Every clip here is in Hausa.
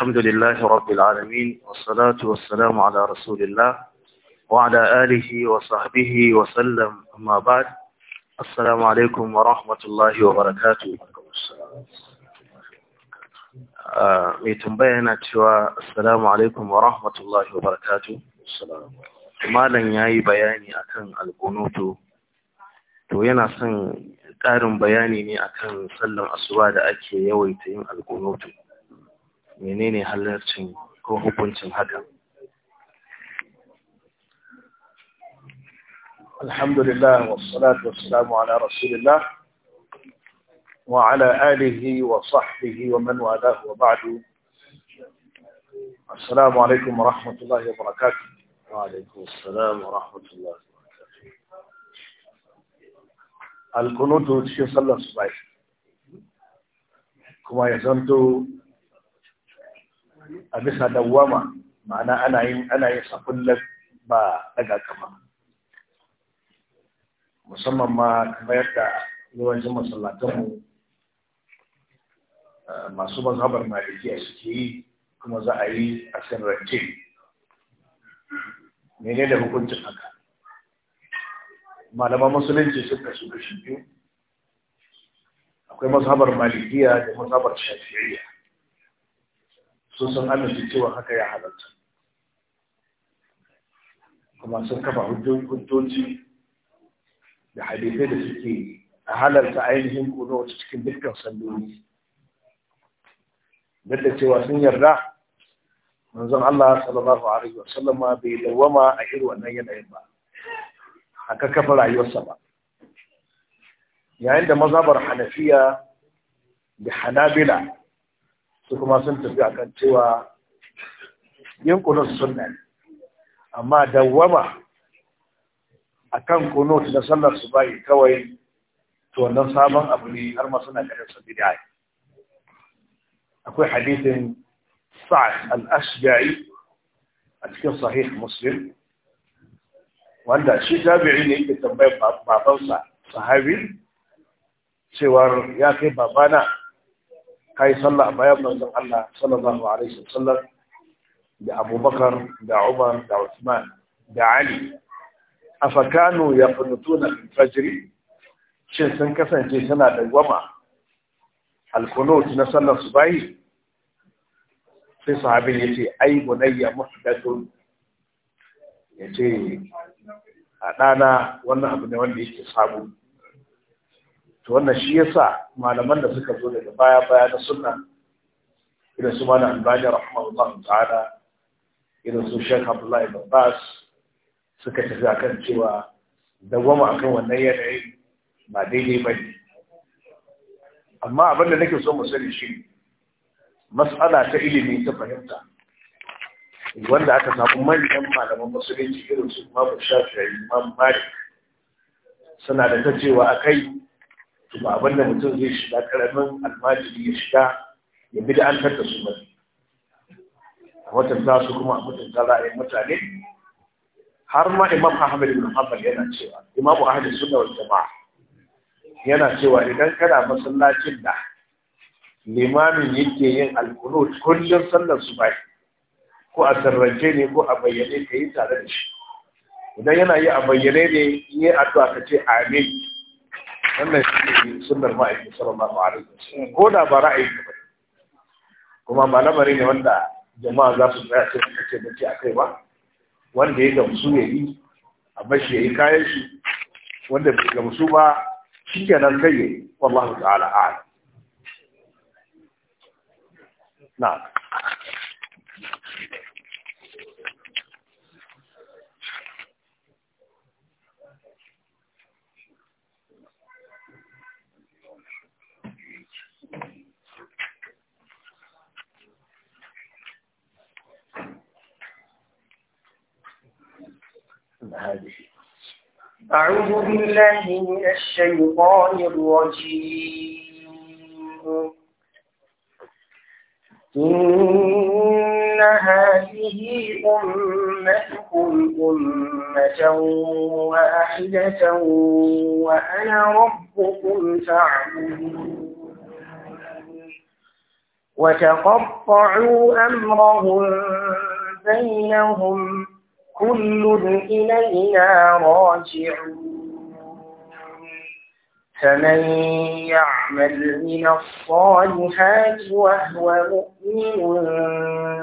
الحمد لله رب العالمين والصلاة والسلام على رسول الله وعلى آله وصحبه وسلم أما بعد السلام عليكم ورحمة الله وبركاته mai tambaya yana cewa assalamu alaikum wa rahmatullahi wa barakatu malam ya yi bayani akan alkunutu to yana son ƙarin bayani ne akan sallan asuba da ake yawaita yin alkunutu menene halarcin ko hukuncin haka alhamdulillah wassalatu wassalamu ala rasulillah wa ala alihi wa sahbihi wa man wadahu wa ba'du assalamu alaikum wa rahmatullahi wa barakatuh wa alaikum assalam wa rahmatullahi wa barakatuh alkunutu cikin sallar subai kuma ya zanto a bisa dawama ma'ana ana yin ana yin sa ba daga kama musamman ma kamar yadda yawancin masallatanmu eh, masu mazhabar malikiya suke yi kuma za a yi a sirrance mene da hukuncin haka malaman musulunci sun kasu shi biyu akwai mazhabar malikiya da mazhabar shafi'iyya su sun amince cewa haka ya halarta kuma sun kafa hujjoji da hadisai da suke a halarta ainihin kuna wacce cikin dukkan sandoni duk da cewa sun yarda manzon Allah sallallahu alaihi wa sallama bai dawama a irin wannan yanayin ba aka kafa rayuwarsa ba yayin da mazabar hanafiya da hanabila su kuma sun tafi akan cewa yin kunut sunna ne amma dawwama akan kunut da sallar su bai kawai to wannan sabon abu ne har ma suna kare su bid'a akwai hadisin Sa'ad al-Ashja'i a cikin sahih Muslim wanda shi tabi'i ne yake tambayar babansa sahabi cewar ya kai babana ka yi sallah a bayan manzon Allah sallallahu alaihi wasallam da Abubakar da Umar da Uthman da Ali afakanu yaqnutuna na fajri shin sun kasance suna gwama, alqunut na sallar subahi sai sahabin yace ai bunayya muhdathun yace a ɗana wannan abu ne wanda yake sabu to wannan shi yasa malaman da suka zo daga baya baya na sunna irin su malam albani rahimahullah ta'ala irin su Sheikh Abdullahi Babbas suka tafi akan cewa dawwama akan wannan yanayi ba daidai ba ne amma abin da nake so mu sani shi mas'ala ta ilimi ta fahimta wanda aka samu manyan malaman musulunci irin su Imam Shafi'i Imam Malik suna da ta cewa akai ba abin da mutum zai shiga karamin almajiri ya shiga ya bi da an karta su ba a za su kuma a mutunta za a yi mutane har ma imam ahmad ibn hanbal yana cewa imam ahmad sunna wal jama'a yana cewa idan kana masallacin da limamin yake yin alkunut kullum sallar su bai ko a sarrance ne ko a bayyane ka yi tare da shi idan yana yi a bayyane ne yi addu'a ka ce amin wannan shi ne sunnar ma'aiki sallallahu alaihi wasallam ko da ba ra'ayi ba kuma ba lamari ne wanda jama'a za su tsaya sai suka ce mace a kai ba wanda ya gamsu ya yi amma shi ya yi kayan shi wanda bai gamsu ba shi kenan kai ya yi wallahu ta'ala a'ala na'am هذه أعوذ بالله من الشيطان الرجيم إن هذه أمتكم أمة واحدة وأنا ربكم فاعبدون وتقطعوا أمرهم بينهم كل إلينا راجعون فمن يعمل من الصالحات وهو مؤمن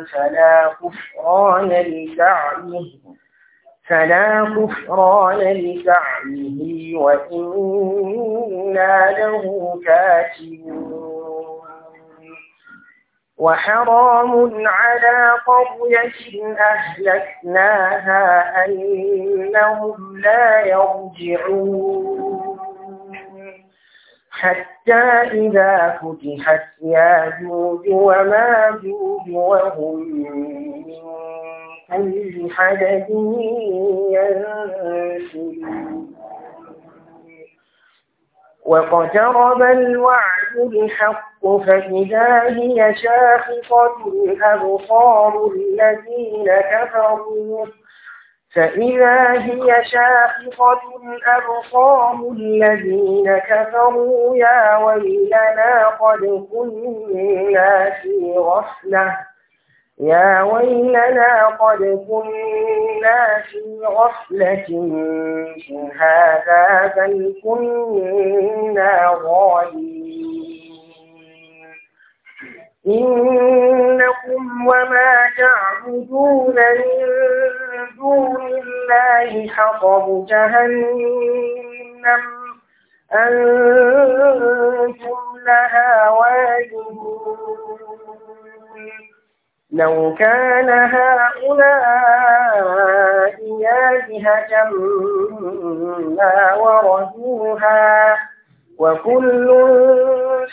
فلا كفران لسعيه فلا كفران لسعيه وإنا له كاتبون وحرام على قرية أهلكناها أنهم لا يرجعون حتى إذا فتحت يا وما جود وهم من كل حدد ينسلون واقترب الوعد الحق فإذا هي شاخصة أبصار الذين كفروا فإذا هي شاخصة أبصار الذين كفروا يا ويلنا قد كنا في غفلة يا ويلنا قد كنا في غفلة من هذا بل كنا ظالمين إنكم وما تعبدون من دون الله حطب جهنم أنتم لها واجبون لو كان هؤلاء آلهة ما وردوها وكل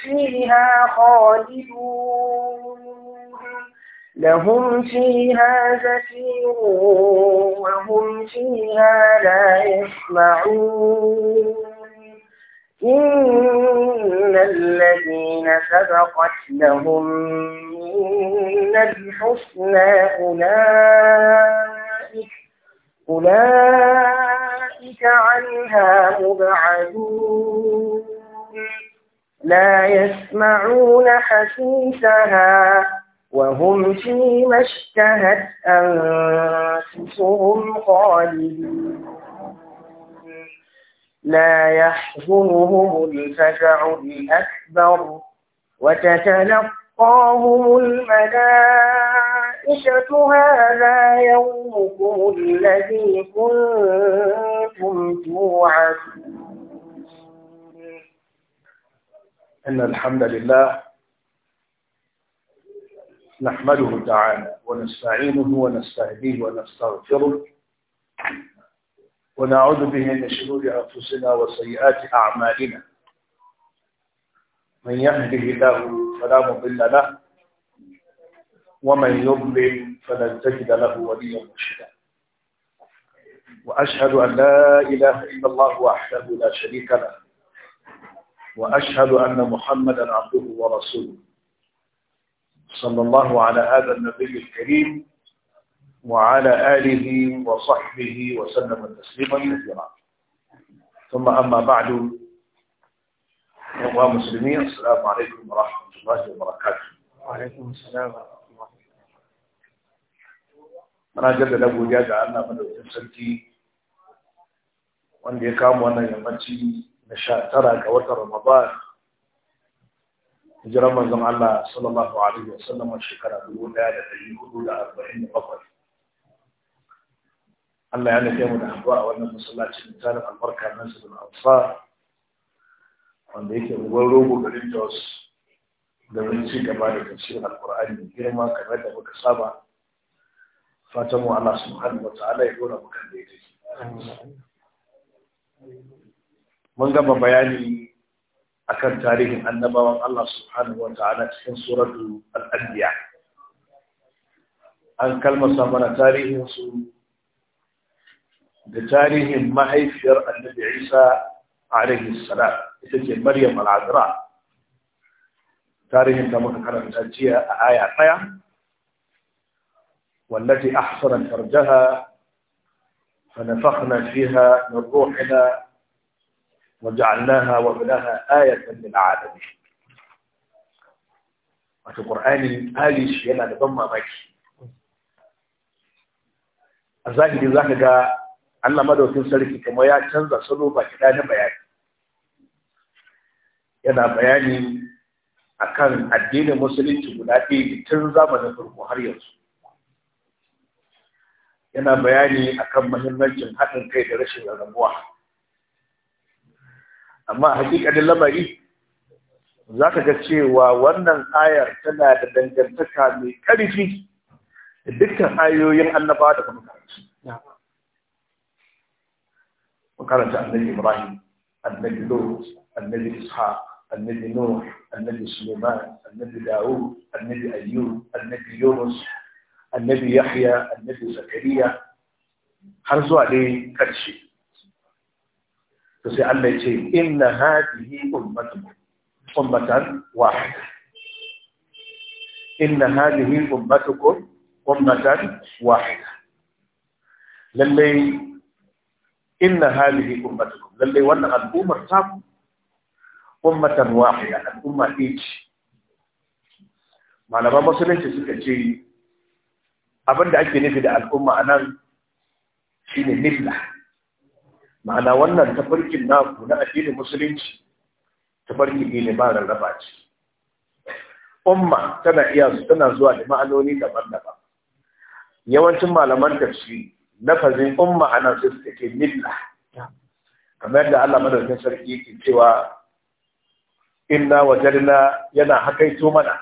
فيها خالدون لهم فيها زفير وهم فيها لا يسمعون إن الذين سبقت لهم من الحسنى أولئك أولئك عنها مبعدون لا يسمعون حسيسها وهم فيما اشتهت أنفسهم خالدون لا يحزنهم الفزع الأكبر وتتلقاهم الملائكة هذا يومكم الذي كنتم توعدون إن الحمد لله نحمده تعالى ونستعينه ونستهديه ونستغفره ونعوذ به من شرور أنفسنا وسيئات أعمالنا من يهده الله فلا مضل له ومن يضلل فلن تجد له وليا مرشدا وأشهد أن لا إله إلا الله وحده لا شريك له وأشهد أن محمدا عبده ورسوله صلى الله على هذا النبي الكريم وعلى آله وصحبه وسلم تسليما كثيرا ثم أما بعد أخوة المسلمين السلام عليكم ورحمة الله وبركاته وعليكم السلام ورحمة الله أنا أجل أبو جاد أنا من أتسلتي وأن يكام وأنا يمتي نشاء ترك وتر رمضان جرم الله صلى الله عليه وسلم الشكر أبو لا لديه أبو لا Allah ya nufi mu da haɗuwa a wannan masallacin tarin albarka nan su da amsa wanda yake unguwar rogo garin da domin ci gaba da tafsirin alkur'ani mai girma kamar da muka saba fatan mu Allah subhanahu wa ta'ala ya dora mu kan daidai mun gama bayani akan tarihin annabawan Allah subhanahu wa ta'ala cikin suratu al-anbiya an kalmasa mana tarihin su لتاريخ مهيفر النبي عيسى عليه السلام التي مريم العذراء تاريخ كما كان مسجية آية آية والتي أحسن فرجها فنفخنا فيها من روحنا وجعلناها وابنها آية للعالمين وفي القرآن آلي شيئا لضم مكي أزاك لذلك Allah madaukin sarki kuma ya canza salo ba gida na bayani yana bayani akan addinin musulunci guda ɗaya tun zamanin farko har yanzu yana bayani akan mahimmancin haɗin kai da rashin rarrabuwa amma hakikalin lamari za ka ga cewa wannan ayar tana da dangantaka mai ƙarfi da dukkan ayoyin annabawa da kuma karatu وكانت النبي إبراهيم النبي لوط النبي إسحاق النبي نوح النبي سليمان النبي داود النبي أيوب النبي يونس النبي يحيى النبي زكريا حرزوا عليه كل شيء فسي الله يتين إن هذه أمتكم أمة واحدة إن هذه أمتكم أمة واحدة للي inna halihi ummatukum lalle wannan al'ummar ta ku ummatan wahida al'umma ce malaman musulunci suka ce da ake nufi da al'umma anan shine milla ma'ana wannan tafarkin naku na addinin musulunci tafarki ne ba rarraba ce umma tana iya tana zuwa da ma'anoni daban-daban yawancin malaman tafsiri nafazin umma ana su suke milla kamar yadda Allah madaukin sarki ke cewa inna wajadna yana hakaito mana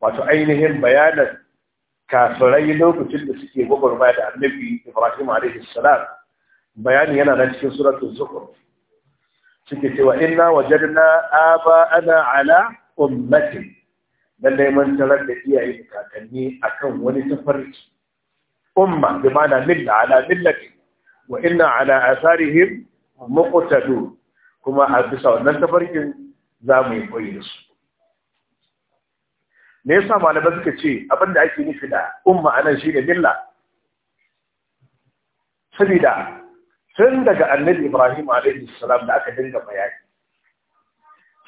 wato ainihin bayanan kafirai lokacin da suke gwagwarmaya da annabi Ibrahim alaihi salam bayani yana nan cikin suratun zukhruf suke cewa inna wajadna ana ala ummatin lallai mun tarar da iyaye kakanni akan wani tafarki umma bi ma'ana milla ala millati wa inna ala asarihim muqtadu kuma a bisa wannan tafarkin za mu yi koyi da su me yasa malamai suka ce abin da ake nufi da umma anan shi ne milla saboda tun daga annabi ibrahim alaihi salam da aka dinga bayani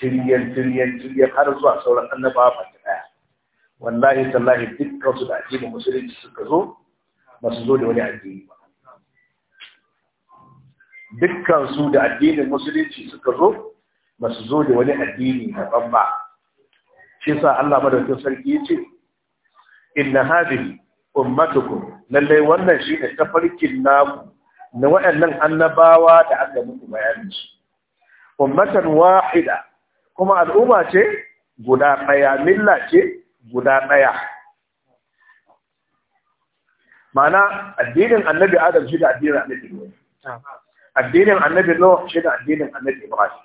tiriyan tiriyan tiriyan har zuwa sauran annabawa ba ta daya wallahi tallahi dukkan su da addinin musulunci suka zo ba su zo da wani addini ba dukkan su da addinin musulunci suka zo ba su zo da wani addini daban ba shi sa Allah madaukakin sarki yace inna hadhihi ummatukum lallai wannan shine tafarkin naku na waɗannan annabawa da aka muku bayani shi ummatan wahida kuma al'umma ce guda ɗaya milla ce guda ɗaya معنى الدين النبي آدم شجع الدين النبي نوح الدين النبي نوح شجع الدين النبي إبراهيم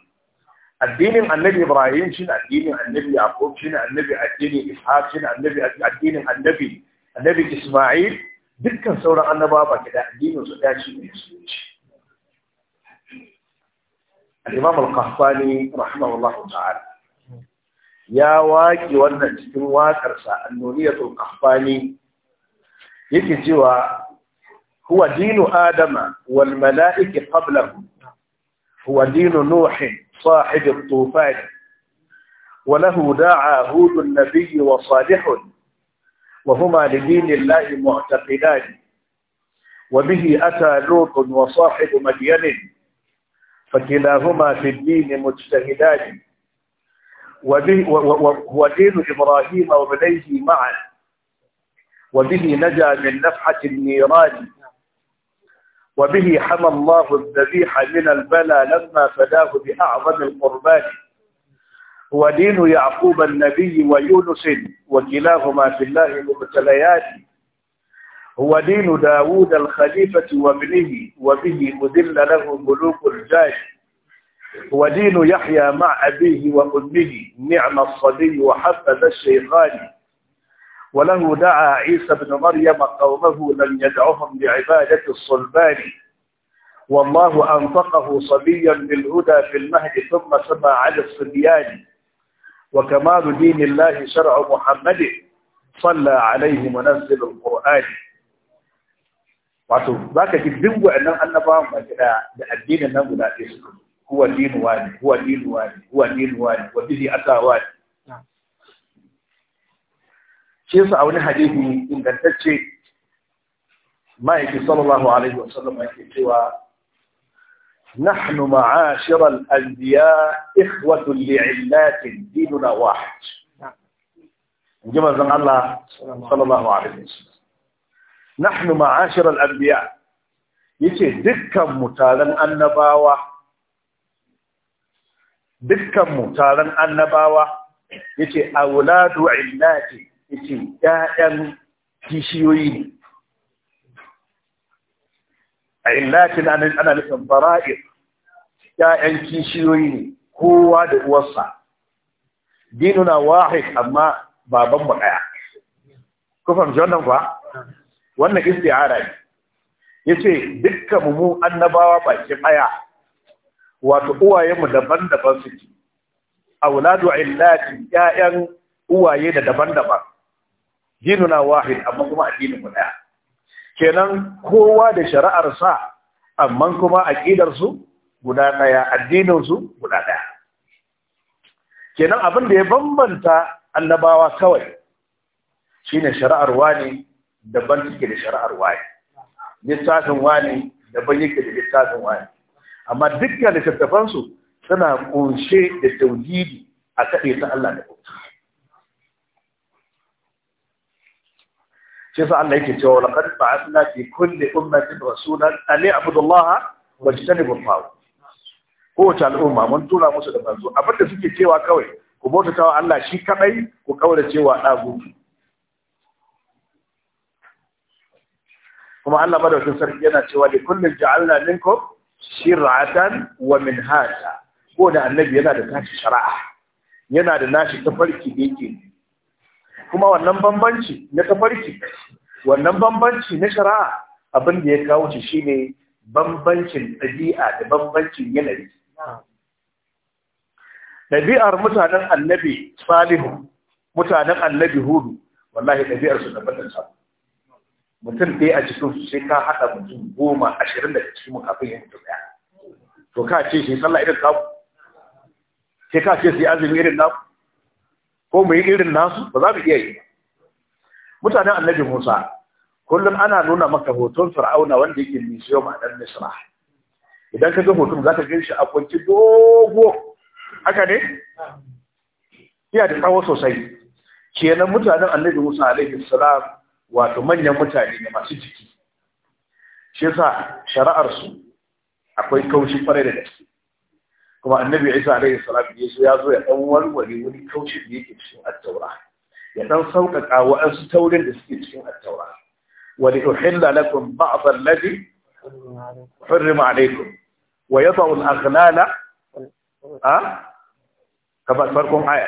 الدين النبي إبراهيم شجع الدين النبي يعقوب شجع النبي الدين إسحاق شجع النبي الدين النبي النبي إسماعيل بدك سورة أن بابا كذا الدين وزوجات شجع الإمام القحطاني رحمه الله تعالى يا واكي وانا اجتنوا واكرسا النونية القحطاني yake cewa huwa dinu adama wal mala'iki qablahu huwa dinu صاحب الطوفان وله داعى هود النبي وصالح وهما لدين الله معتقدان وبه أتى لوط وصاحب مدين فكلاهما في الدين مجتهدان ودين إبراهيم وبنيه معا وبه نجا من نفحة النيران وبه حمى الله الذبيح من البلى لما فداه بأعظم القربان هو دين يعقوب النبي ويونس وكلاهما في الله مبتليان هو دين داوود الخليفة وابنه وبه أذل له ملوك الجاه هو دين يحيى مع أبيه وأمه نعم الصبي وحفظ الشيخان وله دعا عيسى بن مريم قومه لم يدعهم لعبادة الصلبان والله أنفقه صبيا بالهدى في المهد ثم سمى على الصبيان وكمال دين الله شرع محمد صلى عليه منزل القرآن wato za ka ji dingo الدين nan لا هو دين addinin هو دين ɗaya هو دين dinuwa ne huwa dinuwa shi yasa a wani hadisi ingantacce ma'aikin sallallahu alaihi wasallam yake cewa نحن معاشر الأنبياء إخوة لعلات ديننا واحد جمع الله صلى الله عليه وسلم نحن معاشر الأنبياء يتي دكا متالا النباوة دكا متالا النباوة يتي أولاد علات yace 'ya'yan kishiyoyi ne a illatin ana nufin bara'ir ƴaƴan kishiyoyi ne kowa da uwarsa dinuna wahid amma baban mu ɗaya ku fahimci wannan kuwa wannan isti'ara ne ce dukkan mu annabawa baki daya wato uwayenmu daban-daban su A wula suke auladu illati 'ya'yan uwaye da daban-daban na wahid amma kuma addinin mu daya kenan kowa da shari'ar sa amma kuma aqidar su guda daya addinin su guda daya kenan abin da ya bambanta annabawa kawai shine shari'ar wani daban take da shari'ar wani littafin wani daban yake da littafin wani amma dukkan littattafansu suna kunshe da tauhidi a kaɗe ta Allah da kuma shi yasa Allah yake cewa laqad ba'athna fi kulli ummatin rasulan an ya'budu Allah wa yajtanibu al ko ta al'umma mun tura musu da manzo abin da suke cewa kawai ku bautata wa Allah shi kadai ku kaura cewa dagutu kuma Allah madaukin sarki yana cewa li kullin ja'alna minkum shir'atan wa minhaja ko da annabi yana da tashi shari'a yana da nashi tafarki da yake kuma wannan bambanci na tafarki wannan bambanci na shari'a abin da ya kawo shi shi ne bambancin ɗabi'a da bambancin yanayi ɗabi'ar mutanen annabi salihu mutanen annabi hudu wallahi ɗabi'ar su daban da sa mutum ɗaya a cikin su sai ka haɗa mutum goma ashirin da cikin mu kafin yin mutum ɗaya to ka ce shi sallah irin naku sai ka ce sai azumi irin naku ko mu yi irin nasu ba za mu iya yi mutanen annabi musa kullum ana nuna maka hoton fir'auna wanda yake museum a dan misra idan ka ga hoton za ka gan shi a kwanci dogo haka ne iya da tsawo sosai kenan mutanen annabi musa alaihi salam wato manyan mutane ne masu jiki shi yasa shari'ar su akwai kaushi kwarai da gaske كما النبي عيسى عليه الصلاة والسلام يقول أول ولي كوشي بيك بسم التوراة يدن صوتك أو أستول بسم التوراة ولأحل لكم بعض الذي حرم عليكم ويضع الأغلال أه؟ كما أكبركم آية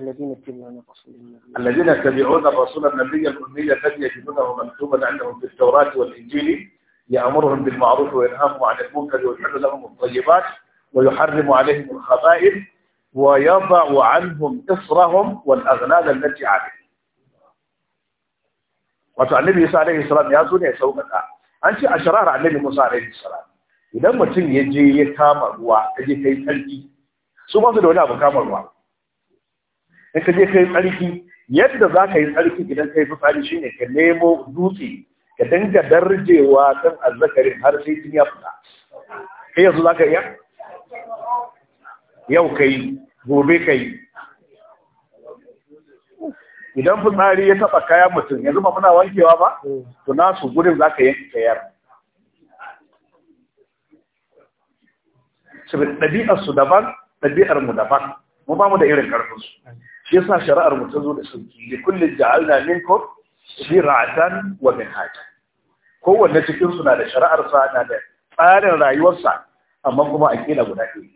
الذين يتبعون الرسول الذين يتبعون الرسول النبي الأمية الذي يجدونه منتوبا عندهم في التوراة والإنجيل يأمرهم بالمعروف وينهاهم عن المنكر ويحل لهم الطيبات ويحرم عليهم الخبائث ويضع عنهم إصرهم والأغلال التي عليهم wato annabi Isa alaihi salam ya zo ne ya saukaka an ce a shararar annabi Musa alaihi salam idan mutum ya je ya kama ruwa ya je kai tsarki su ba su da wani abu kama ruwa in ka je kai tsarki yadda za ka yi tsarki idan kai fitsari shine ka nemo dutse ka dinga darjewa kan azzakarin har sai tun ya fita kai yanzu za ka iya yau kai gobe kai idan fitsari ya taba kaya mutum yanzu ba muna wankewa ba to nasu gurin za ka yanki kayar saboda ɗabi'ar su daban ɗabi'ar mu daban mu ba mu da irin karfin su shi yasa shari'ar mu ta zo da sauki li ja'alna minkum shira'atan wa minhaja kowanne cikin su na da shari'ar sa na da tsarin rayuwarsa amma kuma aqida guda ɗaya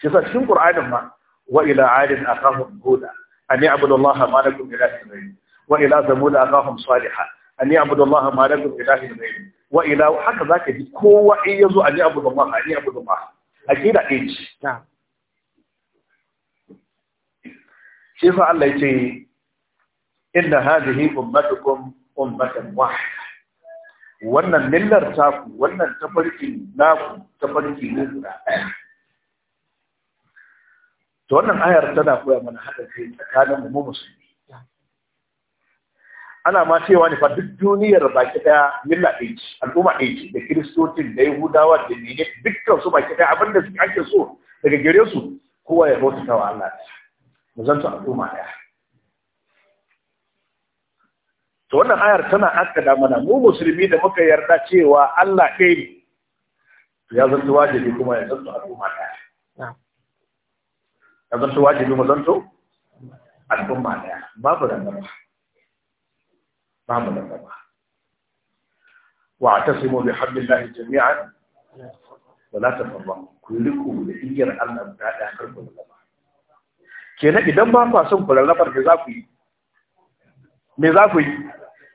shi sa cikin qur'anin ma wa ila adin aqahum huda an ya'budu allaha ma lakum ilahin ghayr wa ila thamud aqahum salihah an ya'budu allaha ma lakum ilahin ghayr wa ila haka zaka ji kowa in yazo an ya'budu allaha an ya'budu allaha aqida ɗaya ce shi sa Allah ya ce inna hadhihi ummatukum ummatan wahida wannan millar ku, wannan tafarki ku, tafarki ne guda ɗaya to wannan ayar tana koya mana haɗa kai tsakanin mu musulmi ana ma cewa ne fa duk duniyar baki ɗaya milla ɗaya al'umma ɗaya da kiristocin da yahudawa da ne dukkan su baki ɗaya abinda suke ake so daga gare su kowa ya bauta wa Allah mu zanto al'umma ɗaya to wannan ayar tana akada mana mu musulmi da muka yarda cewa Allah ɗaya ne ya zanto wajibi kuma ya zanto al'umma ɗaya ya zanto wajibi mu zanto al'umma ɗaya babu rangama babu rangama wa mu bi hablillahi jami'an wa la tafarraqu kullukum da igiyar Allah da da ku rangama kenan idan ba ku son ku rarrabar da za ku yi me za ku yi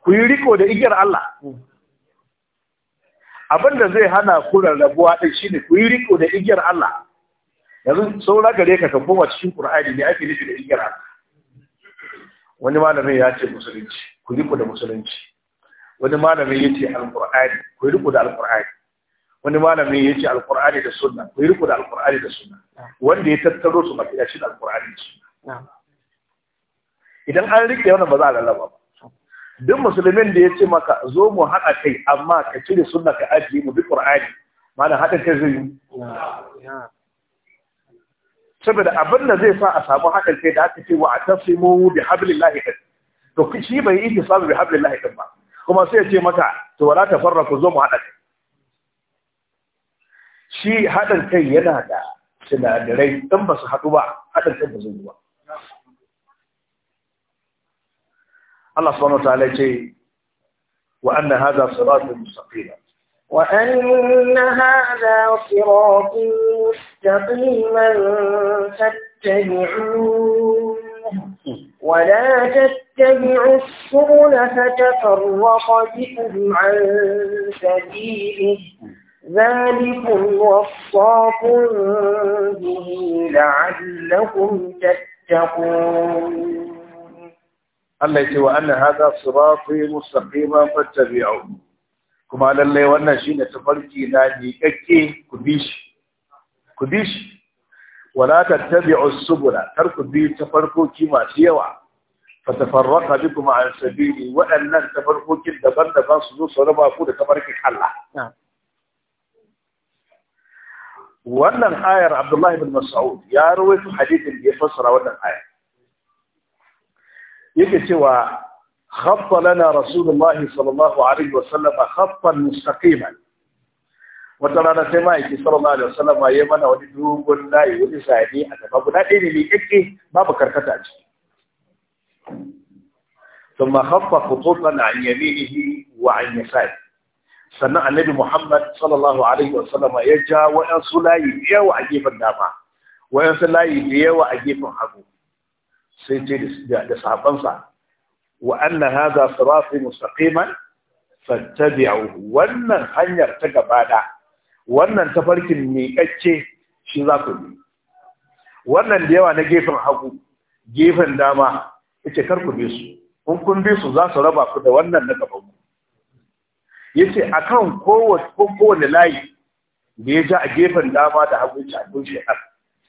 ku yi riko da igiyar Allah abin da zai hana rabuwa ɗin din shine ku yi riko da igiyar Allah yanzu saura gare ka kan koma cikin Qur'ani ne ake nufi da igiyar Allah wani malamin ya ce musulunci ku riko da musulunci wani malamin ya ce alqur'ani ku riko da alqur'ani wani malamin ya ce alqur'ani da sunna ku riko da alqur'ani da sunna wanda ya tattaro su baki da shi alqur'ani da sunna idan an rike wannan ba za a lallaba ba duk musulmin da ya ce maka zo mu haɗa kai amma ka cire sunna ka ajiye mu bi qur'ani mana haɗa kai zai yi saboda abin da zai sa a samu haɗin kai da aka ce wa atasimu bi hablillahi din to shi bai yi ihtisabu bi hablillahi din ba kuma sai ya ce maka to wala tafarraku zo mu haɗa kai shi haɗin kai yana da sinadarai in ba su haɗu ba haɗin kai ba zai yi ba الله سبحانه وتعالى يجي وأن هذا صراط مستقيم وأن هذا صراط مستقيما فاتبعوه ولا تتبعوا السبل فتفرق بكم عن سبيله ذلكم وصاكم به لعلكم تتقون Allah ya ce wa anna hadha sirati mustaqima fattabi'u kuma lallai wannan shine tafarki na ni ku bi shi ku bi shi wala tattabi'u subula kar ku bi tafarkoki masu yawa fatafarraqa bikum an sabili waɗannan tafarkokin daban-daban su zo su raba ku da tafarkin Allah wannan ayar Abdullahi bin Mas'ud ya rawaito hadithin da ya fassara wannan ayar yake cewa khaffa lana rasulullahi sallallahu alaihi wasallam khaffan mustaqiman wata rana sai ma'aiki sallallahu alaihi wasallam ya mana wani dogon layi wani zane a gaba guda ɗaya ne mai ƙaƙƙe babu karkata a ciki ثم خف خطوطا عن يمينه وعن يساره sannan annabi Muhammad sallallahu alaihi wa ya ja wa'ansu layi da a gefen dama wa'ansu layi da yawa a gefen hagu sai ce da sabansa wa anna hadha sirati mustaqiman fattabi'uhu wannan hanyar ta gaba da wannan tafarkin miƙacce shi za ku bi wannan da yawa na gefen hagu gefen dama yace kar ku bi su kun kun bi su za su raba ku da wannan na gaban ku yace akan kowace kowane layi da ya ja a gefen dama da hagu ta shi shekar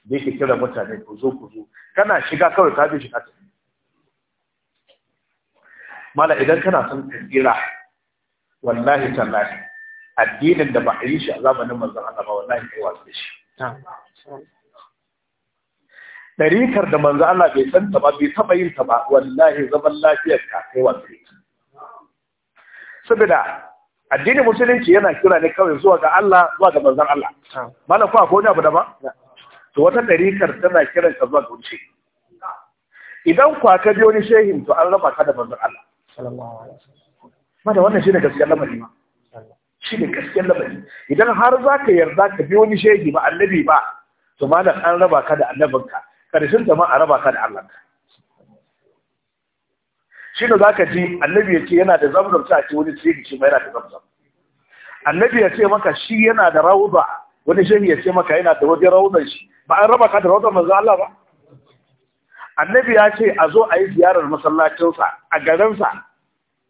da yake kira mutane ku zo ku zo kana shiga kawai ka bi shi kata mala idan kana son kira wallahi tallahi addinin da ba a yi shi a zamanin manzon Allah ba wallahi kai wasu shi ɗarikar da manzon Allah bai san ta ba bai taɓa yin ta ba wallahi zaman lafiyar ka kai wa saboda addinin musulunci yana kira ne kawai zuwa ga Allah zuwa ga manzon Allah mala ko akwai wani abu da ba to wata ɗarikar tana kiran ka zuwa ga wani shehi idan kwa ka bi wani shehin to an raba ka da manzon Allah ma da wannan shi ne gaskiyar lamari ma shine gaskiyar lamari idan har za ka yarda ka bi wani shehi ba annabi ba to malam an raba ka da annabinka karshen ta ma a raba ka da Allah shi za ka ji annabi ya ce yana da zamzam ta ce wani tsiri shi ma yana da zamzam annabi ya ce maka shi yana da rauda wani shehi ya ce maka yana da wajen raudan shi ba an raba ka da rawar manzo Allah ba annabi ya ce a zo a yi ziyarar masallacinsa a garinsa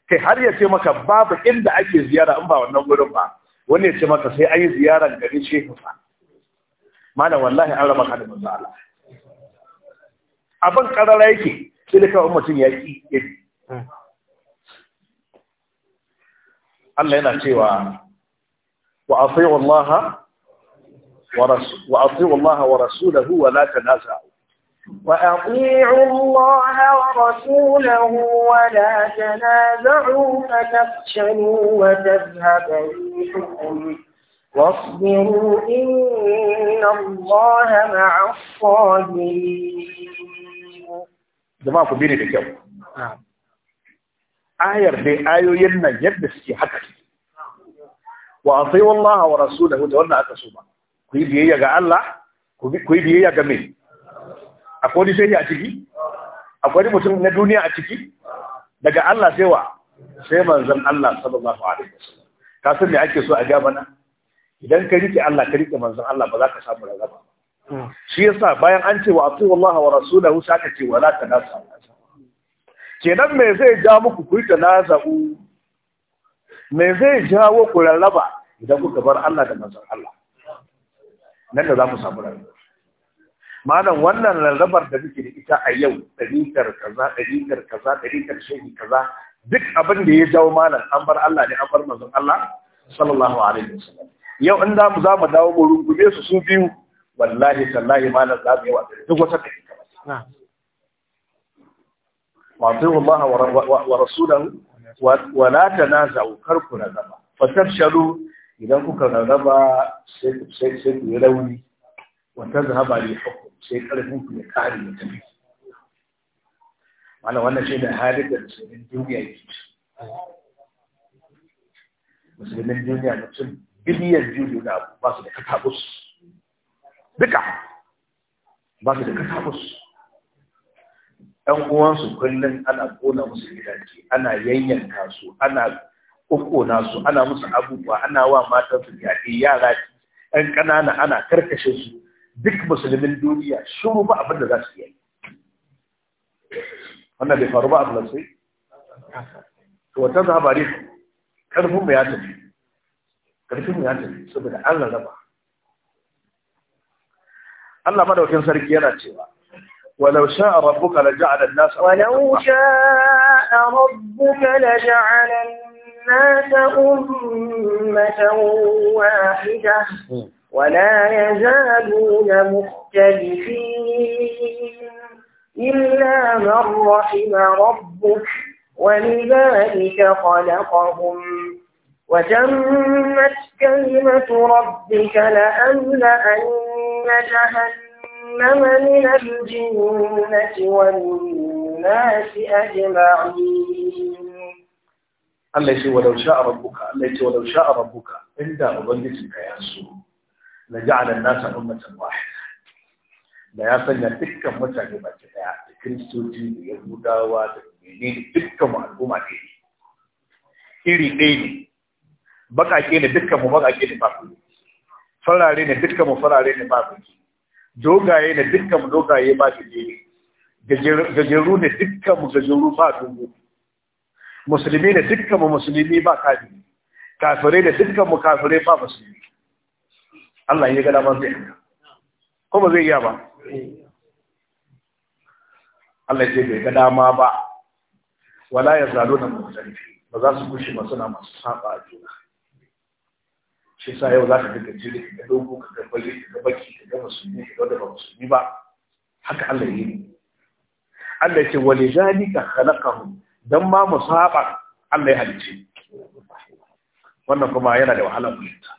kai har ya ce maka babu inda ake ziyara in ba wannan gurin ba wani ya ce maka sai an yi ziyarar gari fa malam wallahi an raba ka da manzo Allah abin karara yake sai da kawai mutum ya ki Allah yana cewa wa asiyu Allah وأطيعوا الله ورسوله ولا تنازعوا وأطيعوا الله ورسوله ولا تنازعوا فتفشلوا وتذهب ريحكم واصبروا إن الله مع الصابرين جماعة كبيرة لكم نعم. آية في آية يمنا يبس في حقك وأطيعوا الله ورسوله دولنا أكسوا ku yi biyayya ga Allah ku yi biyayya ga mai akwai wani sai a ciki akwai mutum na duniya a ciki daga Allah sai wa sai manzan Allah sallallahu alaihi wasallam ka san me ake so a ga bana idan ka rike Allah ka rike manzan Allah ba za ka samu razaba hmm. shi yasa bayan an ce wa atiu Allah wa rasulahu sai aka ce wala tanasa kenan me zai ja muku ku yi tanaza'u me zai jawo ku rarraba idan kuka bar Allah da manzan Allah nan da za mu samu rayuwa malam wannan lalabar da muke da ita a yau dalilar kaza dalilar kaza dalilar shehi kaza duk abin da ya jawo malam an bar Allah ne an bar manzon Allah sallallahu alaihi wasallam yau in za mu za mu dawo mu rungume su su biyu wallahi sallahi malam za mu yi wa duk wata wa rasulahu wa la tanazau karku na zama fa فتفشلوا idan kuka rarraba sai ku yi rauni wata zahaba ya hukum sai karfin ku ya kare ya tafi mana wannan shi da halin da musulmin duniya ke musulmin duniya mutum biliyan biyu da abu ba su da katabus duka ba su da katabus ɗan uwansu kullum ana ƙona musu gidaje ana yayyanka su ana ƙoƙona su ana musu abubuwa ana wa matan su yaƙi yara ɗan ƙanana ana karkashe su duk musulmin duniya shiru ba abin da za su yi wannan bai faru ba a falasai to wata zabari karfin mu ya tafi karfin mu ya tafi saboda an rarraba Allah madaukin sarki yana cewa ولو شاء ربك لجعل الناس ولو شاء ربك لجعل الناس أمة واحدة ولا يزالون مختلفين إلا من رحم ربك ولذلك خلقهم وتمت كلمة ربك لأملأن جهنم من الجنة والناس أجمعين Allah ya ce walau sha'a rabbuka Allah ya ce walau sha'a rabbuka inda ubangijin ka ya so la ja'ala nasa ummatan wahida da ya sanya dukkan mutane baki daya da kristoci da yahudawa da menene dukkan mu al'umma yi. iri ɗaya ne bakake ne dukkan mu bakake ne ba farare ne dukkan mu farare ne ba dogaye ne dukkan mu dogaye ba gajeru ne dukkan mu gajeru ba ne musulmi da dukkan mu musulmi ba kafiri kafire da dukkan mu kafire ba musulmi Allah ya ga dama zai ko ba zai iya ba Allah ya ce bai ga dama ba wala ya zalo na mutane ba za su kushe masu na masu saba a juna shi sa yau za ka daga jiri ka dogo ka ga bali ka ga baki ka ga musulmi ka ga wanda ba musulmi ba haka Allah ya yi Allah ya ce wale ka khalaqahum don ma mu saba Allah ya halice wannan kuma yana da wahala fahimta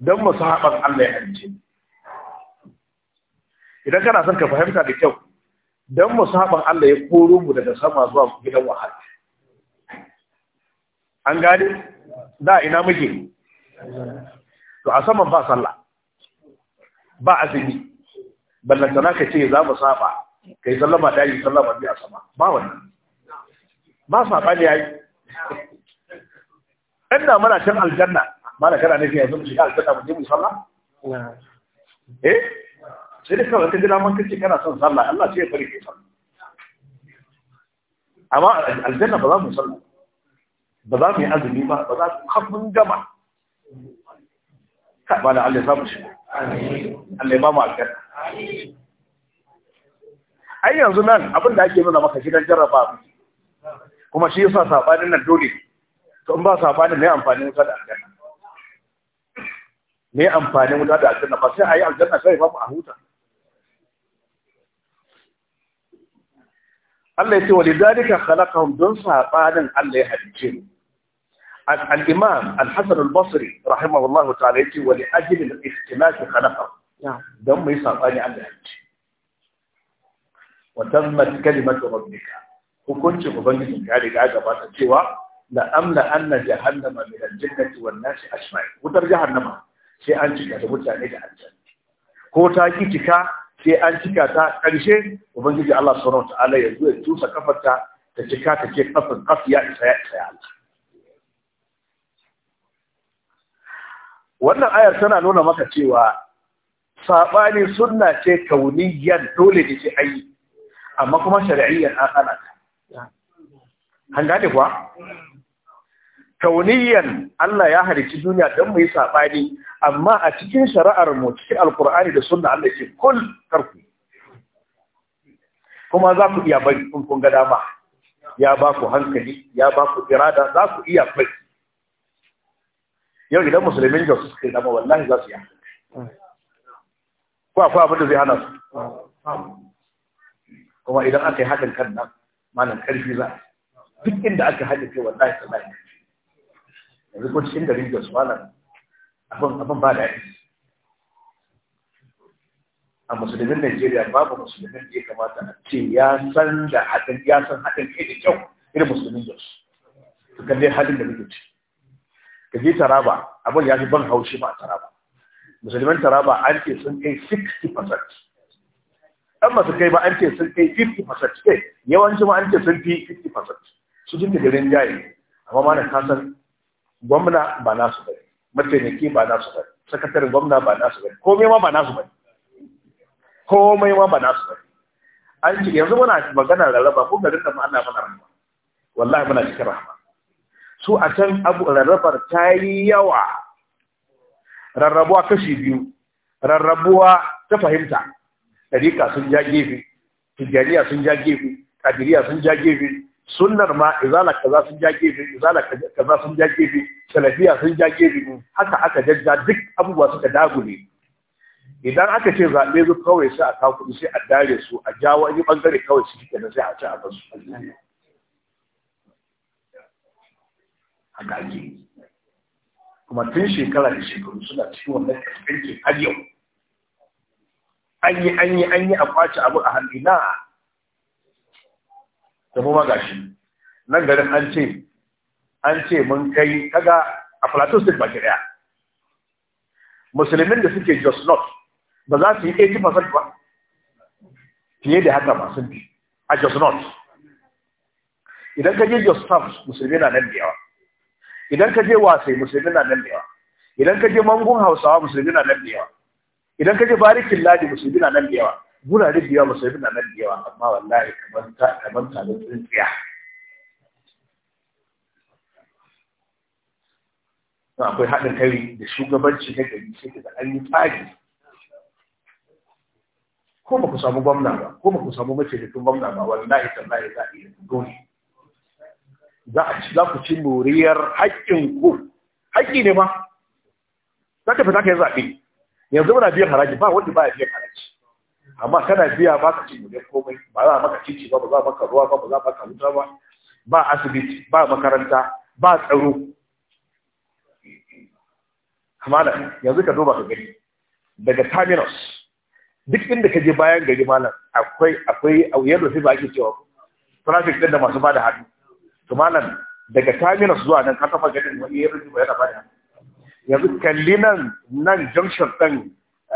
don mu saba Allah ya halice idan kana son ka fahimta da kyau don mu saba Allah ya koro mu daga sama zuwa gidan wahala an gane da ina muke to a saman ba sallah ba azumi ballantana ka ce za mu saba kai sallama da yi sallama biya sama ba wani. ba saɓani ya yi ɗan da mana can aljanna mana kana nufi yanzu mu shiga aljanna mu je mu eh sai dai kawai ka gina man kace kana son sallah Allah sai ya bari ka sallah amma aljanna ba za mu sallah ba za mu yi azumi ba ba za mu kafin gama ka ba da Allah ya samu shi Allah ya ba mu aljanna ai yanzu nan abin da ake nuna maka gidan jarraba kuma shi yasa safanin nan dole to in ba safanin mai amfani wuta da aljanna mai amfani wuta da aljanna ba sai ayi aljanna sai ba mu a huta Allah ya ce wa lidalika khalaqahum dun safanin Allah ya halice mu al-imam al-hasan al-basri rahimahullahu ta'ala yace wa li ajli al-ikhtilaf khalaqahum dan mai sabani Allah ya halice wa tammat kalimatu rabbika hukuncin ubangiji ya riga gabata cewa la amla anna jahannama min al-jannati wan nasi ajma'in wutar jahannama sai an cika da mutane da aljanna ko ta ki cika sai an cika ta karshe ubangiji Allah subhanahu wataala ya zo ya cusa kafarta ta cika ta ce kafin kafiya isa ya isa wannan ayar tana nuna maka cewa saɓani sunna ce kauniyan dole ne sai ayi amma kuma shari'iyyar an hana ta an gane kuwa kauniyan Allah ya halicci duniya don mu yi saɓani amma a cikin shari'ar mu cikin alkur'ani da sunna Allah ke kul karku kuma za ku iya bari in kun ga dama ya ba ku hankali ya ba ku irada za ku iya bari yau idan musulmin jos suka yi dama wallahi za su yi ko akwai abin da zai hana su kuma idan aka yi haɗin kan nan malam karfi za a duk inda aka haɗe kai wallahi ta lai yanzu ko cikin garin da su malam abin abin ba da yi a musulmin Najeriya babu musulmin da ya kamata a ce ya san da haɗin ya san haɗin kai da kyau irin musulmin da su to kalle halin da muke ci ka je Taraba abin ya fi ban haushi ba a Taraba musulmin Taraba an ce sun kai 60 Ɗan masu kai ba an ce sun kai 50 percent kai yawanci ma an ce sun fi 50 percent su jinta garin rinjaye amma ma na kasan gwamna ba nasu bane mataimaki ba nasu bane sakataren gwamna ba nasu bane komai ma ba nasu bane komai ma ba nasu bane an ce yanzu muna magana rarraba ko garin da ma ana mana rarraba wallahi muna cikin rahama su a can abu rarrabar ta yi yawa rarrabuwa kashi biyu rarrabuwa ta fahimta tariƙa sun ja gefe tijjaniya sun ja gefe kadiriya sun ja gefe sunnar ma izala kaza sun ja gefe izala kaza sun ja gefe salafiya sun ja gefe haka aka jajja duk abubuwa suka dagule idan aka ce zaɓe zu kawai sai a kawo kuɗi sai a dare su a jawo wani ɓangare kawai su ke sai a ci a basu kuma tun shekara da shekaru suna cikin wannan kaskanci har yau an yi an yi an yi a kwace abu a hannu na da kuma gashi nan garin an ce an ce mun kai kaga a plateau state baki daya musulmin da suke just not ba za su yi 80% ba fiye da haka ba sun bi a just not idan ka je just south musulmi na nan da yawa idan ka je wasai musulmi na nan da yawa idan ka je mangun hausawa musulmi na nan da yawa idan ka je barikin ladi musulmi na nan da yawa gurare da yawa musulmi na nan da yawa amma wallahi kamar ta kamar ta da tsintsiya to akwai haɗin kai da shugabanci na gari sai ka an yi tsari ko ba ku samu gwamna ba ko ba ku samu tun gwamna ba wallahi tallahi za a yi gori za a za ku ci moriyar haƙƙin ku haƙƙi ne ma za ka fita ka yi zaɓe yanzu muna biyan haraji ba wanda ba ya biyan haraji amma kana biya ba ka cin mutum komai ba za a maka titi ba ba za a maka ruwa ba ba za a maka wuta ba ba asibiti ba makaranta ba tsaro kamala yanzu ka duba ka gani daga terminus duk inda ka je bayan gari malam akwai akwai yadda sai ba ake cewa traffic din da masu bada hannu to malam daga terminus zuwa nan ka kafa gadin wani yadda ba yana bada hannu yanzu kalli nan nan junction ɗin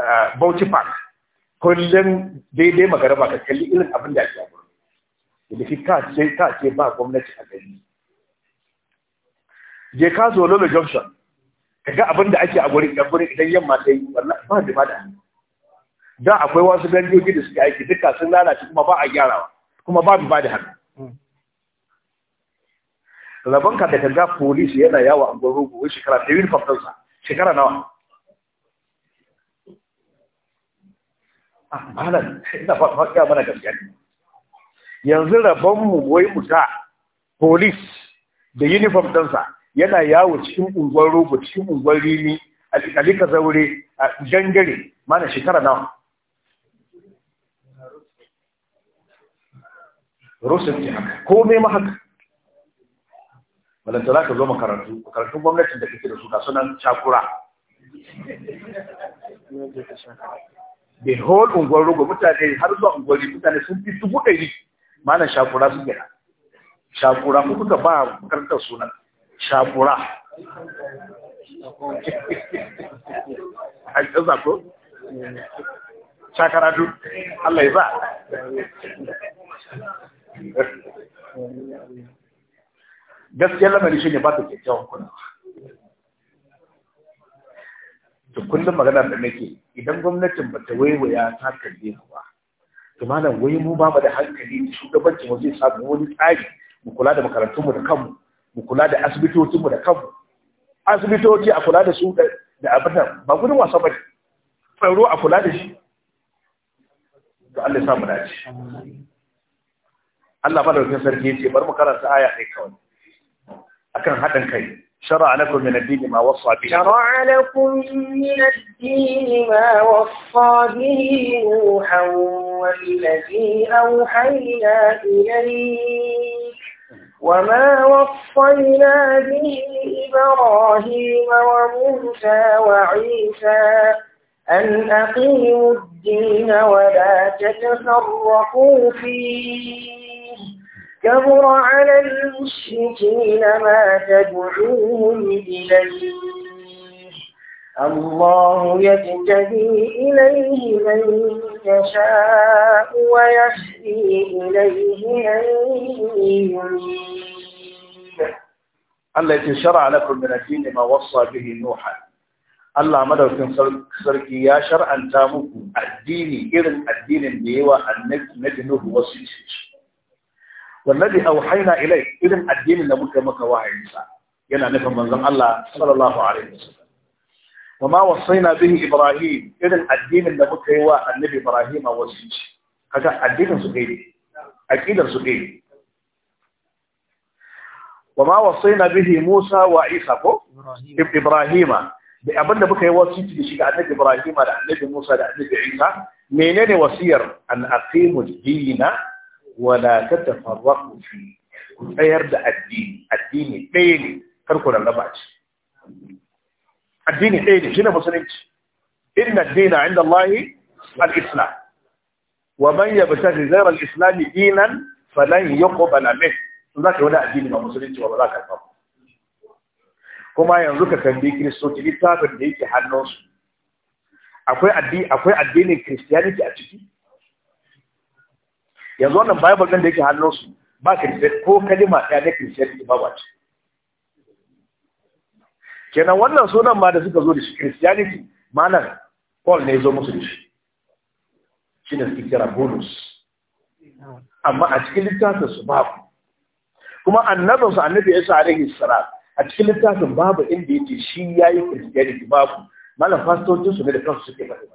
eh, Bauchi Park kullum daidai ba ka kalli irin abin da ake abu da fi ta ce ce ba gwamnati a gari je ka zo Lolo Junction ka ga abin da ake a gurin idan gurin idan yamma ta yi wannan ba da bada da akwai wasu jirgin da suke aiki duka sun lalace kuma ba a gyarawa kuma ba ba da haka rabon ka da kaga police yana yawo a gurin rugu shekara ta shekara nawa ah, malam ina faɗa mana gaskiya yanzu rabonmu wai muta polis da uniform ɗinsa yana yawo cikin unguwar rogo cikin unguwar rini alika zaure a jangare mana shekara nawa rusun ke haka komai ma haka balanta za ka zo makarantu makarantun gwamnatin da kake da su ga sunan cakura the whole unguwar rogo mutane har zuwa unguwar mutane sun fi dubu ɗari mana shakura sun gina shakura ko kuka ba makarantar sunan shakura an ɗan ko shakaratu Allah ya ba gaskiyar lamari shi ne ba ta kyakkyawan kuna to kullum magana da nake idan gwamnatin ba ta waiwaya ta kalle mu ba to malam wai mu ba mu da hankali da shugabancin mu zai samu wani tsari mu kula da makarantunmu da kanmu mu kula da asibitocinmu da kanmu asibitoci a kula da su da abin ba gudun wasa ba tsaro a kula da shi to Allah ya sa mu dace Allah madaukakin sarki ya ce bar mu karanta aya ɗaya kawai akan هذا kai شرع لكم من الدين ما وصى به شرع لكم من الدين ما وصى به نوحا والذي أوحينا إليك وما وصينا به إبراهيم وموسى وعيسى أن أقيموا الدين ولا تتفرقوا فيه كبر على المشركين ما تدعوهم إليه الله يجتدي إليه من يشاء ويهدي إليه من ينيب التي شرع لكم من الدين ما وصى به نوحا Allah madaukin sarki ya shar'anta muku addini irin addinin da yawa annabi Nuhu wasu shi wallazi auhayna ilai irin addinin da muka maka wahayin sa yana nufin manzon Allah sallallahu alaihi wasallam وما وصينا به ابراهيم اذن الدين اللي muka yi wa annabi ibrahima wasici kaga addinin su وما وصينا به موسى وعيسى ko ibrahima da abinda muka yi wasici da shi ibrahima da annabi musa da annabi menene wasiyar an aqimu dina wala tatafarraqu fi ku tsayar da addini addini ɗaya ne kar ku rarraba shi addini ɗaya ne shine musulunci inna ad-dina 'inda Allah al-islam wa man yabtaghi ghayra al-islam dinan falan yuqbala minhu zaka wani addini ba musulunci ba za ka ba? kuma yanzu ka tambayi kiristoci littafin da yake hannunsu akwai addinin christianity a ciki yanzu wannan bible din da yake hannunsu ba kirce ko kalima ta da kirce ba ba kenan wannan sunan ma da suka zo da shi christianity malam paul ne zo musu da shi shi ne suke kira bonus amma a cikin littafin su babu kuma su annabi sa alaihi salam a cikin littafin babu inda yake shi ya yi christianity babu malam fastocin su ne da kansu suke faɗi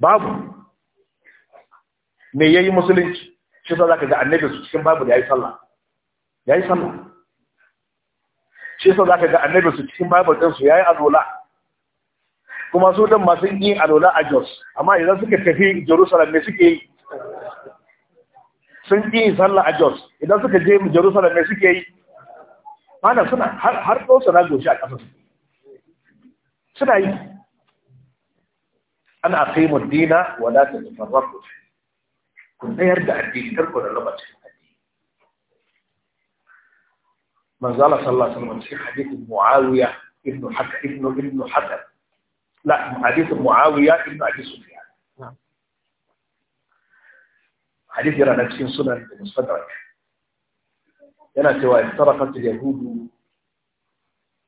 babu me ya yi musulunci shi sa ka ga annabi su cikin babu da yi sallah yi sallah shi sa ka ga annabi su cikin babu din su yi alola kuma su dan masu yi alola a Jos amma idan suka tafi Jerusalem ne suke yi sun yi sallah a Jos idan suka je Jerusalem ne suke yi mana suna har ɗosa na goshi a ƙasa suna yi ana aqimu dina wa la tafarraqu ما زال صلى الله عليه وسلم في حديث معاوية ابن حتى ابن ابن حتى لا حديث معاوية ابن أبي سفيان نعم. حديث يرى نفسي سنة المستدرك أنا سواء افترقت اليهود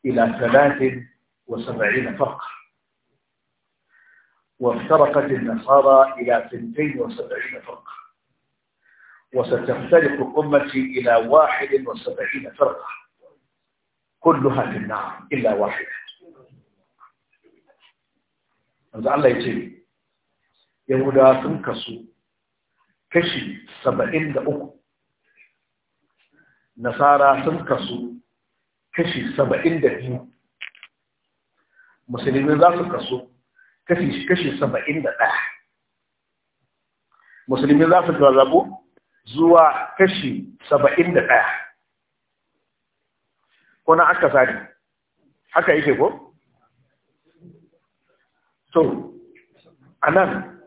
إلى ثلاث وسبعين فرقة وافترقت النصارى إلى ثنتين وسبعين فرقة وستفترق أمتي إلى واحد وسبعين فرقة كلها في النار إلا واحدة yanzu Allah ya ce Yahuda sun kasu kashi saba'in da uku nasara sun kasu kashi saba'in da biyu musulmi za su kasu kashi saba'in da ɗaya musulmi za su rabu zuwa kashi saba'in da ɗaya ko na aka sani, haka yake ko? to a nan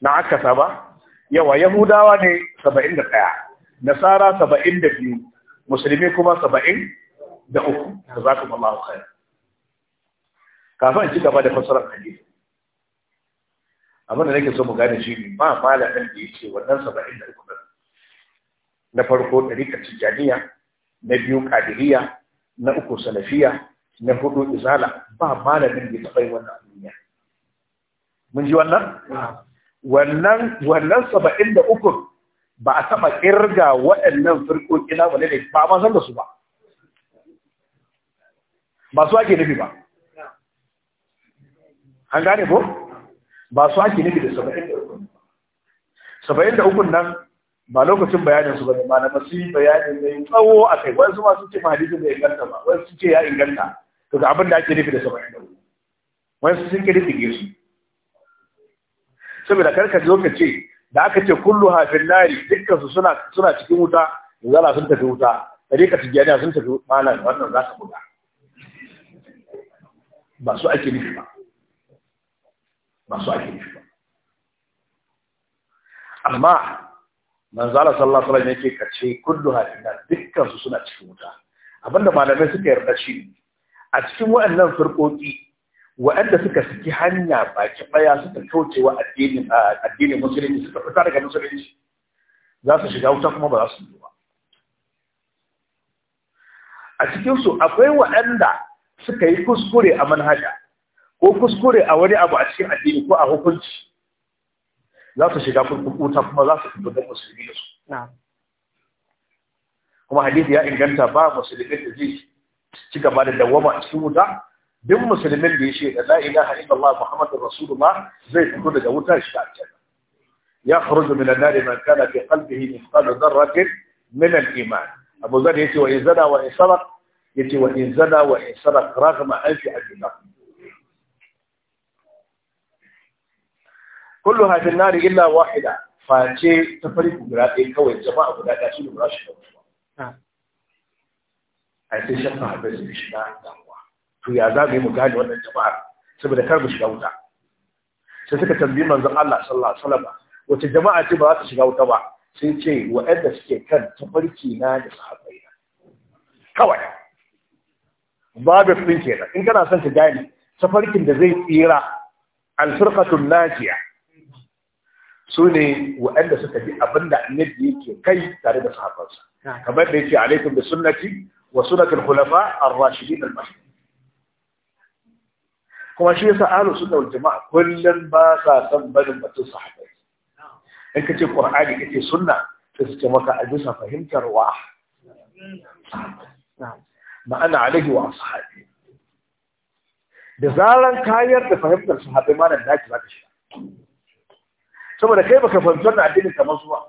na aka saba yawa yahudawa ne saba'in da ɗaya nasara saba'in da biyu musulmi kuma saba'in da uku da za ku a kai kafin ci gaba da fasarar hadisi abin da nake so mu gane shi ne ba malamin da ya ce wannan saba'in da uku na farko ɗariƙar tijjaniya na biyu ƙadiriya na uku salafiya na hudu izala ba malamin da ya taɓa yi wannan duniya mun ji wannan wannan wannan saba'in da uku ba a taɓa ƙirga waɗannan firƙoƙi na wani ne ba a san da su ba ba su ake nufi ba an gane ko ba su ake nufi da saba'in da uku saba'in da uku nan ba lokacin bayanin su bane na su yi bayani mai tsawo a kai wani ma su ce mahadisun da bai inganta ba wani su ce ya inganta to ga abin da ake nufi da saba'in da uku su sun ke nufi su saboda karka zo ka ce da aka ce kullu hafin nari dukkan su suna suna cikin wuta zala sun tafi wuta tarika gyaniya sun tafi malam wannan za ka buga ba su ake nufi ba masu su ake nufi ba amma manzo Allah sallallahu alaihi wasallam yake kace kullu halina dukkan su suna cikin wuta abinda malamai suka yarda shi a cikin wa'annan firkoki wa'anda suka saki hanya baki baya suka kaucewa addinin addinin musulunci suka fita daga musulunci za su shiga wuta kuma ba za su yi ba a cikin su akwai wa'anda suka yi kuskure a manhaja ko kuskure a wani abu a cikin addini ko a hukunci za su shiga wuta kuma za su fito don musulmi da su kuma hadisi ya inganta ba musulmin da zai ci gaba da dawama a cikin wuta duk musulmin da ya ce da la ilaha Allah Muhammadu rasulullah zai fito daga wuta shi da aljanna ya kharuju min an-nar man kana fi qalbihi mithqal dharratin min al-iman abu zar yace wa in zana wa in sarq yace wa in zana wa in sarq raghma alfi al-iman kullu hafin nari illa wahida face ta fari guda ɗaya kawai jama'a guda ɗaya shi ne guda shi da a sai shan sahabai su shiga damuwa to ya za mu yi mu gane wannan jama'ar? saboda kar mu shiga wuta sai suka tambayi manzon Allah sallallahu alaihi wasallam wace jama'a ce ba za ta shiga wuta ba sai ce waɗanda suke kan tafarki na da sahabai na kawai babu ɗin kenan in kana son ka gane tafarkin da zai tsira al alfirqatul najiya su ne waɗanda suka bi abin da annabi yake kai tare da sahabbansa kamar da yake alaikum bi sunnati wa sunnatul khulafa ar-rashidin al mahdi kuma shi yasa ahlus sunna wal jamaa kullun ba sa san barin batun sahabbai in ce qur'ani kace sunna to su ce maka a bisa fahimtar wa ma'ana alaihi wa ashabi da zaran kayar da fahimtar sahabbai ma nan da zaka shiga saboda kai baka fahimci wannan addinin kamar su ba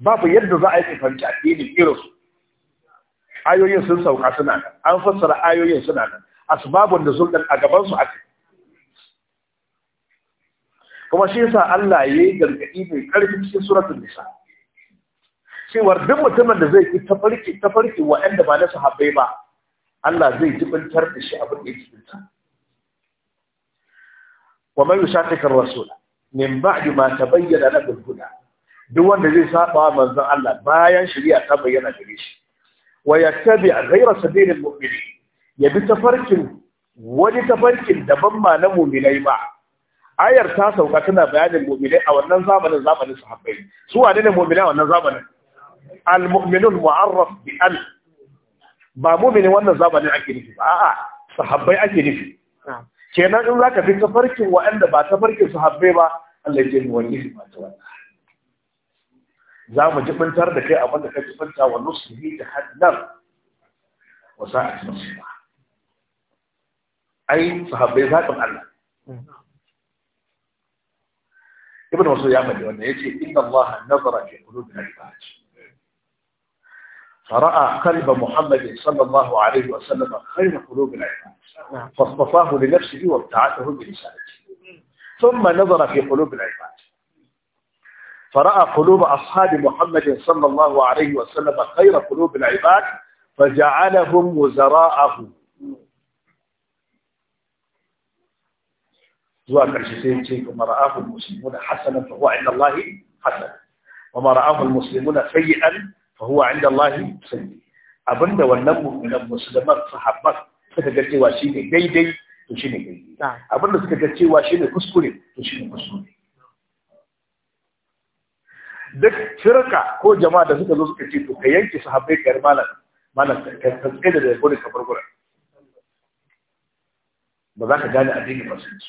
babu yadda za a yi fahimci addinin irin su ayoyin sun sauka suna nan an fassara ayoyin suna nan asbabun da sun a gaban su aka kuma shi yasa Allah ya yi gargaɗi mai ƙarfi cikin suratul nisa cewar duk mutumin da zai ki tafarki tafarki waɗanda ba na sahabbai ba Allah zai jibintar da shi abin da cikin jibinta wa man yushaqiqir rasula min ba'di ma tabayyana lahu al-huda duk wanda zai saba manzon Allah bayan shari'a ta bayyana gare shi wa yattabi ghayra sabili muminin ya bi tafarkin wani tafarkin daban ma na mu'minai ba ayar ta sauka tana bayanin mu'minai a wannan zamanin zamanin sahabbai su wane ne mu'minai a wannan zamanin al-mu'minun mu'arraf bi al ba mu'minin wannan zamanin ake nufi ba a'a sahabbai ake nufi kenan in zaka fi tafarkin wa'anda ba tafarkin su habbe ba Allah ya ji wani ba ta wannan za mu jibintar da kai abin da ka jibinta wa nusuhi da haddar wa sa'at nasuha ai sahabbai ka Allah ibn wasu ya faɗi wannan yace inna Allah nazara fi qulubi al-ibad فرأى قلب محمد صلى الله عليه وسلم خير قلوب العباد نعم. فاصطفاه لنفسه وابتعثه برسالته ثم نظر في قلوب العباد فرأى قلوب أصحاب محمد صلى الله عليه وسلم خير قلوب العباد فجعلهم وزراءه زوا كرشتين شيء وما رآه المسلمون حسنا فهو عند الله حسن وما رآه المسلمون سيئا فهو عند الله Allah abinda wannan mu'minan musulman sahabban suka ga cewa shine daidai to shine daidai abinda suka ga cewa shine kuskure to shine kuskure duk shirka ko jama'a da suka zo suka ce to ka yanke sahabbai kar malam malam ka tsaye da daga ka bar ba za ka gane addini ba su ci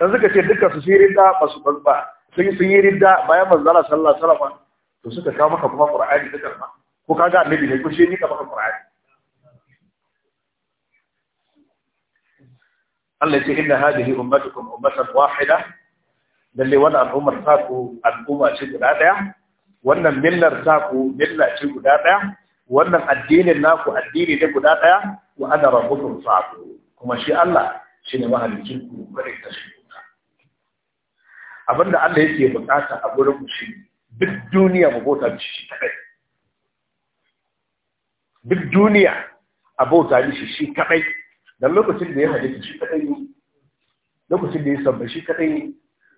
dan suka ce dukkan su sun yi ridda ba su ba sun yi sun yi ridda bayan manzala sallallahu alaihi wasallam to suka kawo maka kuma qur'ani da karma ko kaga annabi ne ko shi ne ka maka qur'ani Allah ya ce inna hadhihi ummatukum ummatan wahida lalle wannan al'ummar ta ku al'umma ce guda daya wannan millar ta ku milla ce guda daya wannan addinin naku addini ne guda daya wa ana rabbukum fa'budu kuma shi Allah shine mahallicin ku bare ta shi abinda Allah yake bukata a gurin ku shi duk duniya mu bauta mishi shi kadai duk duniya a bauta mishi shi kadai dan lokacin da ya halitta shi kadai ne lokacin da ya samba shi kadai ne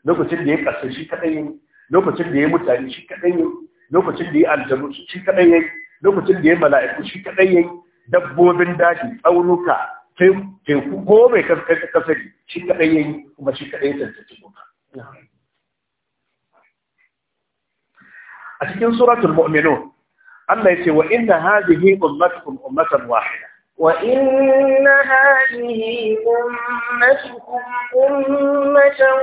lokacin da ya kasa shi kadai ne lokacin da ya mutane shi kadai ne lokacin da ya aljanu shi kadai ne lokacin da ya mala'iku shi kadai ne dabbobin daji tsaunuka teku ko bai kasance shi kadai ne kuma shi kadai tantance bauta a cikin suratul mu'minun Allah yace wa inna hadhihi ummatukum ummatan wahida wa inna hadhihi ummatukum ummatan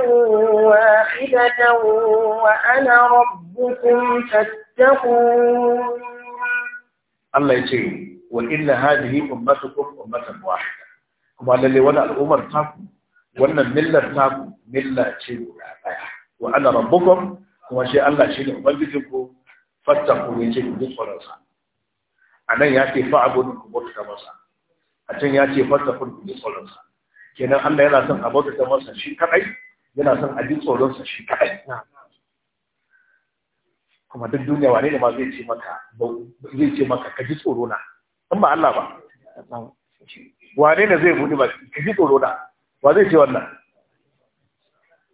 wahidatan wa ana rabbukum fattaqun Allah yace wa inna hadhihi ummatukum ummatan wahida kuma lalle wannan al'ummar taku wannan millar taku milla ce guda daya wa ana rabbukum kuma shi Allah shi ne ubangijin ku fattaku ne ce duk faransa A nan ya ce fa'abun ku bauta masa a can ya ce fattaku ku duk faransa kenan Allah yana son a bauta masa shi kadai yana son a ji tsoronsa shi kadai kuma duk duniya wane ne ma zai ce maka zai ce maka ka ji tsoro na in ba Allah ba wane ne zai buɗe ba ka ji tsoro na wa zai ce wannan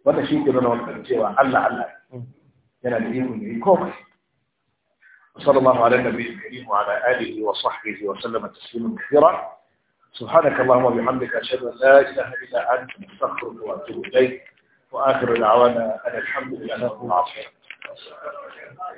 wannan shi ke nuna wannan cewa Allah Allah ينبيه ويكوك وصلى الله على النبي الكريم وعلى آله وصحبه وسلم تسليما كثيرا سبحانك اللهم وبحمدك أشهد أن لا إله إلا أنت مستغفر وأتوب إليك وآخر العوانة أن الحمد لله رب العالمين